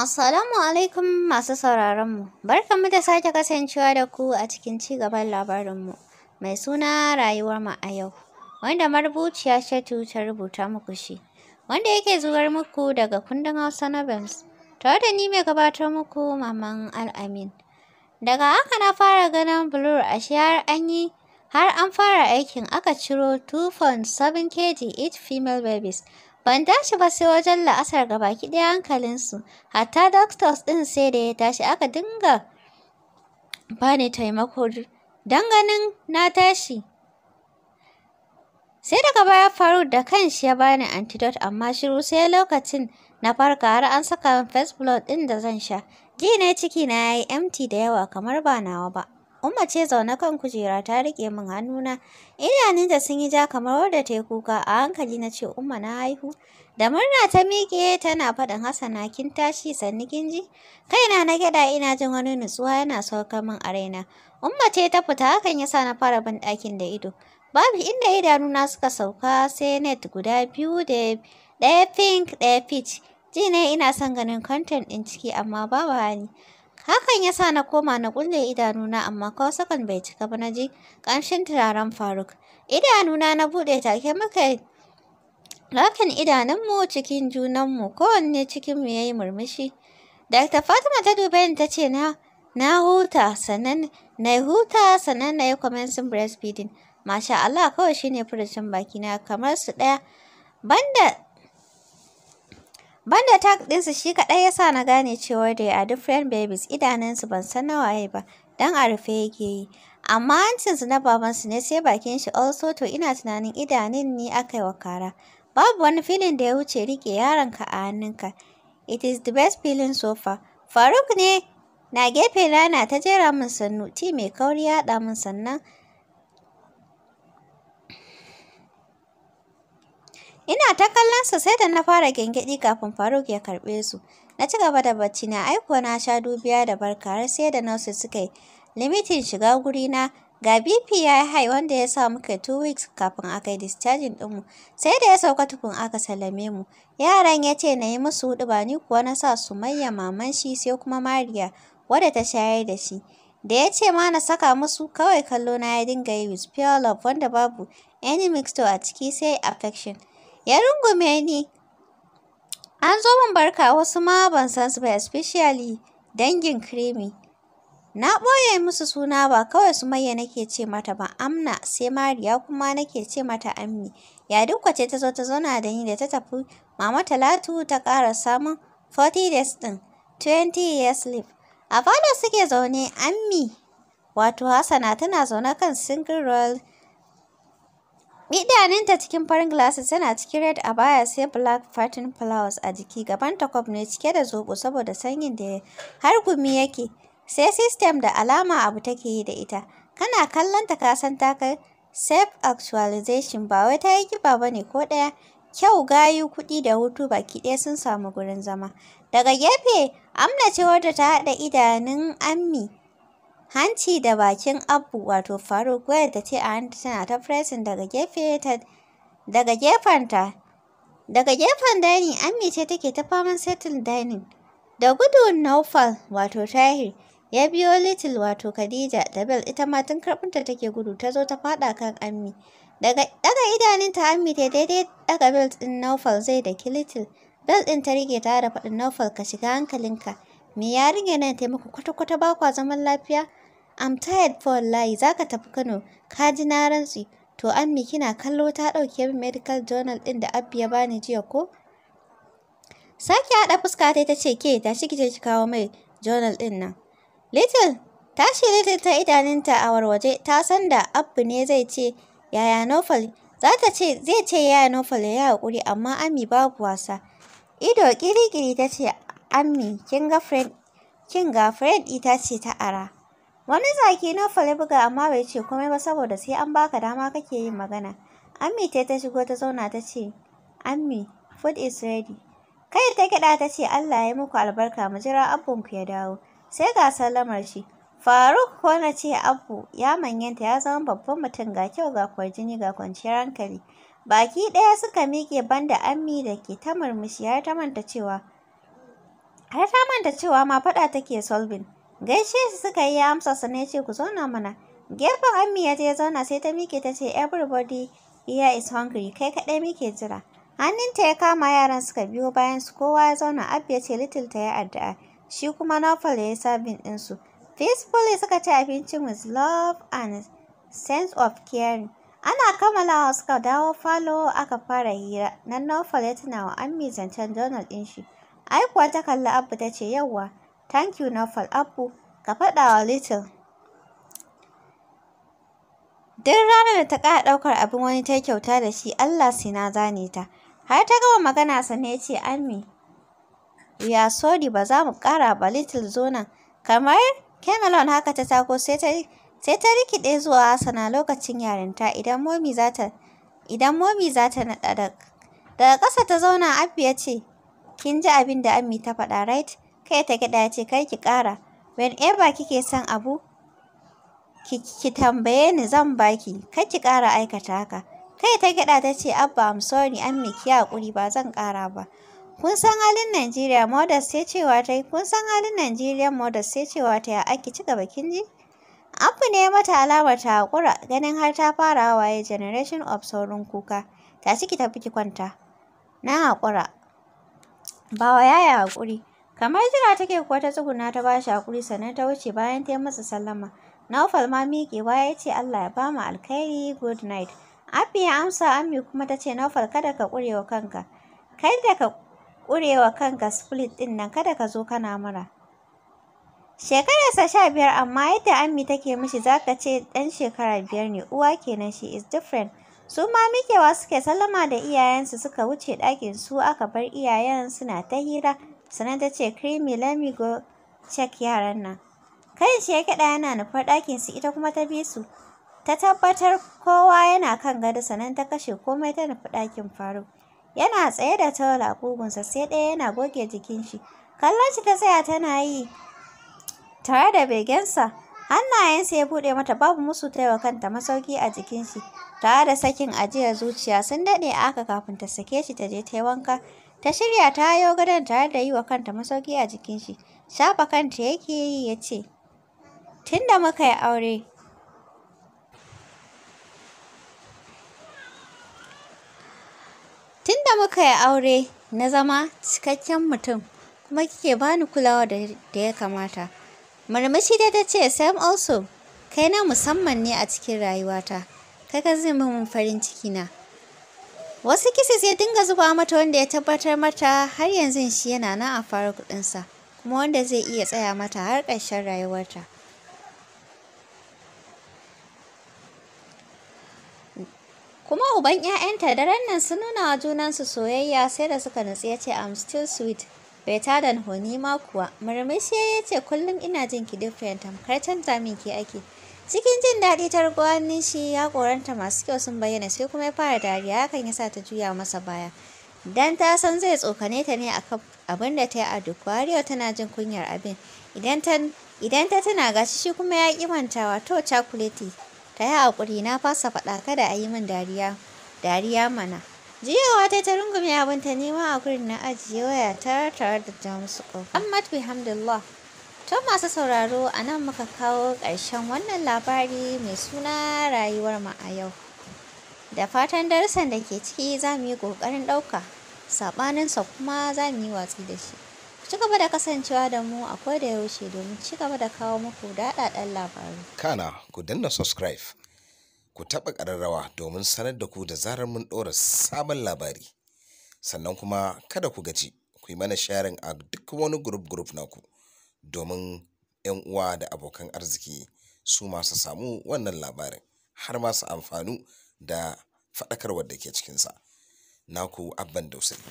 Assalamu alaikum masu sauraronmu. kamu da sake kasancewa da ku a cikin ci gaban labarinmu mai suna rayuwar mu a yau, wanda marubuciya Shatu ta rubuta muku shi, wanda yake zuwar muku daga kundin Hausa Novels, tare da ni mai gabatar muku Maman Al'amin. Daga haka na fara ganin blur ashe shiyar an yi har an fara aikin aka ciro 2.7 kg each female babies. Ban tashi ba sai wajen la'asar ga baki ɗaya hankalinsu. Hatta doctors ɗin sai da ya tashi aka dinga ba ni taimako don ganin na tashi. Sai daga baya faru da kanshi ya bani antidote amma shiru sai lokacin na farka har an saka min first blood ɗin da zan sha. Ji ciki na yayi empty da yawa kamar ba nawa ba. Umma ce zaune kan kujera ta riƙe min hannuna. Idanunta sun yi ja kamar wadda ta yi kuka a hankali na ce Umma na haihu. Da murna ta miƙe tana faɗin Hassana kin tashi sannu kin ji? Kaina na gyaɗa ina jin wani nutsuwa yana saukar min a raina. Umma ce ta fita hakan yasa na fara bin ɗakin da ido. Babu inda idanuna suka sauka sai net guda biyu da ɗaya pink ɗaya peach. Ji ne ina son ganin content ɗin ciki amma babu hali. Hakan ya sa na koma na kulle idanuna amma kawai sakan bai cika ba na ji ƙamshin turaren Faruk. Idanuna na buɗe take muka Lakin idanunmu cikin junanmu kowanne cikinmu ya yi murmushi. Dr. Fatima ta dube ni ta ce na huta sannan na huta sannan na yi commencing breastfeeding. Masha Allah kawai shine furucin bakina kamar su ɗaya. Banda Banda tag ɗinsu shi kaɗai ya sa na gane cewa dai a different babies idanunsu ban san ya ba, dan a rufe yake yi. Amma hancinsu na babansu ne sai bakin shi also to ina tunanin idanun ni aka yi wa kara. Babu wani filin da ya wuce riƙe yaronka a hannunka. It is the best feeling so far. Faruk ne na gefe rana ta jera min sannu, ti mai kauri ya ɗa min sannan. Ina ta kallon su sai da na fara gyangyaɗi kafin Faruk ya karɓe su. Na ci gaba da bacci na aiko na sha dubiya da barka har sai da nasu suka yi limitin shiga gurina ga BP ya yi hai wanda ya sa muka 2 weeks kafin aka yi discharging ɗinmu sai da ya sauka tukun aka sallame mu yaran ya ce na yi musu hudu ba ni kuwa na sa su maye maman shi sai kuma mariya wadda ta shayar da shi da ya ce ma na saka musu kawai kallo na ya dinga yi with pure love wanda babu any mixture a ciki sai affection ya rungume ni. An zo min barka wasu ma ban san su ba especially dangin Creamy. Na ɓoye musu suna ba kawai su maye nake ce mata ba Amna sai Mariya kuma nake ce mata Ammi. Ya ce ta zo ta zauna da ni da ta tafi Mama Talatu ta ƙara samun 40 days ɗin 20 years sleep A fada suke zaune Ammi wato Hassana tana zaune kan single royal Idanunta cikin farin glasses tana cikin red a baya sai black fatin flowers a jiki gaban takwab ne cike da zobo saboda sanyin da har gumi yake. Sai system da alama abu take yi da ita. Kana kallon ta kasan ta kai self actualization ba wai ta yi kiba ba ne ko ɗaya. Kyau gayu kuɗi da hutu baki ɗaya sun samu gurin zama. Daga gefe Amna ce wadda ta haɗa idanun Ammi hanci da bakin abu wato faruk wayar da ce a hanta tana ta fresin daga gefe ta daga gefenta daga gefen dining ammi ce take ta faman settle dining da gudu naufal wato tahir ya biyo little wato khadija da bel ita ma tun karɓinta take gudu ta zo ta faɗa kan ammi daga daga idaninta ammi ta daidai daga bel din naufal zai daki little bel ɗin ta rige ta da faɗin naufal ka shiga hankalinka me ya yarinya nan taimako kwata-kwata ba kwa zaman lafiya I'm tired for wallahi zaka tafi Kano, ka ji na rantsi. To ammi kina kallo ta dauke min medical journal din da Abbi ya bani jiya ko? saki haɗa fuska ta ta ce ke tashi ki ki kawo mai journal ɗin nan. Little ta Little ta idanunta a warwaje ta san da Abbi ne zai ce yaya Nofal za ta ce zai ce yaya Nofal ya hakuri amma Ami babu wasa. Ido ƙiri-ƙiri ta ce Ami kin ga friend kin ga friend ita ce ta ara. Wani zaki na fali buga amma bai ce komai ba saboda sai an baka dama kake yin magana. Ammi ta ta shigo ta zauna ta ce, Ammi, food is ready. Kai ta kiɗa ta ce Allah ya muku albarka mu jira ku ya dawo. Sai ga sallamar shi. Faruk ko na ce abu ya manyanta ya zama babban mutum ga kyau ga kwarjini ga kwanciyar hankali. Baki ɗaya suka miƙe banda ammi da ke ta murmushi har ta manta cewa har ta manta cewa ma faɗa take solving. Gaishe shi suka yi amsa sannan ya ce ku zauna mana. Gefen Ammi ya je ya zauna sai ta mike ta ce everybody here is hungry kai kaɗai muke jira. Hannunta ya kama yaran suka biyo bayan su kowa ya zauna Abba ya ce little ta ya addu'a shi kuma Nofal ya yi sabin ɗinsu. Peacefully suka ci abincin with love and sense of caring. Ana kammalawa suka dawo falo aka fara hira. Nan Nofal ya tuna wa Ammi zancen Donald ɗin shi. Ai kuwa ta kalli Abu ta ce yawwa Thank you Nafal Abu, ka faɗa wa Little. Duk ranar da ta ƙara ɗaukar abin wani ta kyauta da shi, Allah sai na zane ta. Har ta gama magana sannan ya ce, Ami, we are ba za mu ƙara ba Little zona Kamar Camelon haka ta tako sai ta sai ta rikide zuwa hasana lokacin yarinta idan momi za ta idan momi za ta naɗa daga ƙasa ta zauna abu ya ce kin ji abin da Ammi ta faɗa right kai ta gida ce kai ki ƙara whenever kike son abu ki, ki tambaye ni zan baki kai ki kara aikata haka kai ta gida ta ce abba I'm sorry an ki hakuri ba zan kara ba kun san halin Najeriya modas sai cewa ta yi kun san halin Najeriya modas sai cewa ta ya aki ci gaba kin ji Abu ne mata alamar ta haƙura ganin har ta fara waye generation of saurin kuka ta ciki tafi ki kwanta na haƙura ba wa yaya haƙuri Kamar jira take kuwa ta tsuguna ta ba shi haƙuri sannan ta wuce bayan ta yi masa sallama. Naufal ma miƙewa ya ce Allah ya ba mu alkhairi good night. Abbi ya amsa ami kuma ta ce Naufal kada ka wa kanka. Kai da ka ƙurewa kanka split ɗin nan kada ka zo kana mura. Shekararsa sha biyar amma yadda ami take mishi za ka ce ɗan shekara biyar ne uwa kenan shi is different. Su ma mikewa suke sallama da iyayensu suka wuce ɗakin su aka bar iyayen suna ta hira. sannan ta ce creamy lami go check yaran nan kai shi ya kiɗa yana nufar ɗakin su ita kuma ta bi su ta tabbatar kowa yana kan gado sannan ta kashe komai ta nufi ɗakin faru yana tsaye da tawala a kugunsa sai ɗaya yana goge jikin shi kallon shi ta tsaya tana yi tare da begensa hannayensa ya buɗe mata babu musu ta kanta masauki a jikin shi tare da sakin ajiyar zuciya sun daɗe aka kafin ta sake shi ta je ta yi wanka Ta shirya ta hayo gadon tare da yi wa kanta masauki a jikin shi. Shafa kanta yake yi ya ce, Tun da muka yi aure, Tun da muka yi aure, na zama cikakken mutum, kuma kike bani kulawa da ya kamata. Murmushi da ta ce, Sam also, kai na musamman ne a cikin rayuwata, kai ka zai min farin ciki na. wasu kisis ya dinga zuba mata wanda ya tabbatar mata har yanzu shi yana nan a fara kudinsa kuma wanda zai iya tsaya mata har ƙarshen rayuwarta kuma uban 'ya'yanta daren nan sun nuna wa junansu soyayya sai da suka nutsu ya ce i'm still sweet ta than honey ma kuwa murmushi ya ce kullum ina jin ki different kar canza min ki ake cikin jin daɗi ta rigo hannun shi ya koranta masu kyau sun bayyana sai kuma ya fara dariya hakan ya sa ta juya masa baya dan ta san zai tsokane ta ne a abin da ta yi a duk wariyar tana jin kunyar abin idan ta idan tana gashi shi kuma ya ƙi mantawa to cakuleti ta yi haƙuri na fasa faɗa kada a yi min dariya dariya mana jiyawa ta ta rungume abin ta nema a gurin na ajiye waya ta tare da jamusu ƙofa amma bihamdullah To masu sauraro a nan muka kawo ƙarshen wannan labari mai suna rayuwar mu a yau. Da fatan darussan da ke ciki za mu yi ƙoƙarin ɗauka, saɓaninsa kuma za mu yi watsi da shi. Ku ci gaba da kasancewa da mu a da yaushe domin ci gaba da kawo muku daɗaɗɗen labaru. Kana ku danna subscribe, ku taɓa ƙararrawa domin sanar da ku da zarar mun ɗora sabon labari. Sannan kuma kada ku gaji, ku yi mana sharing a duk wani group group naku. domin 'yan uwa da abokan arziki su masu samu wannan labarin har ma su amfanu da faɗakarwar da ke cikinsa. Naku Abban Dausayi.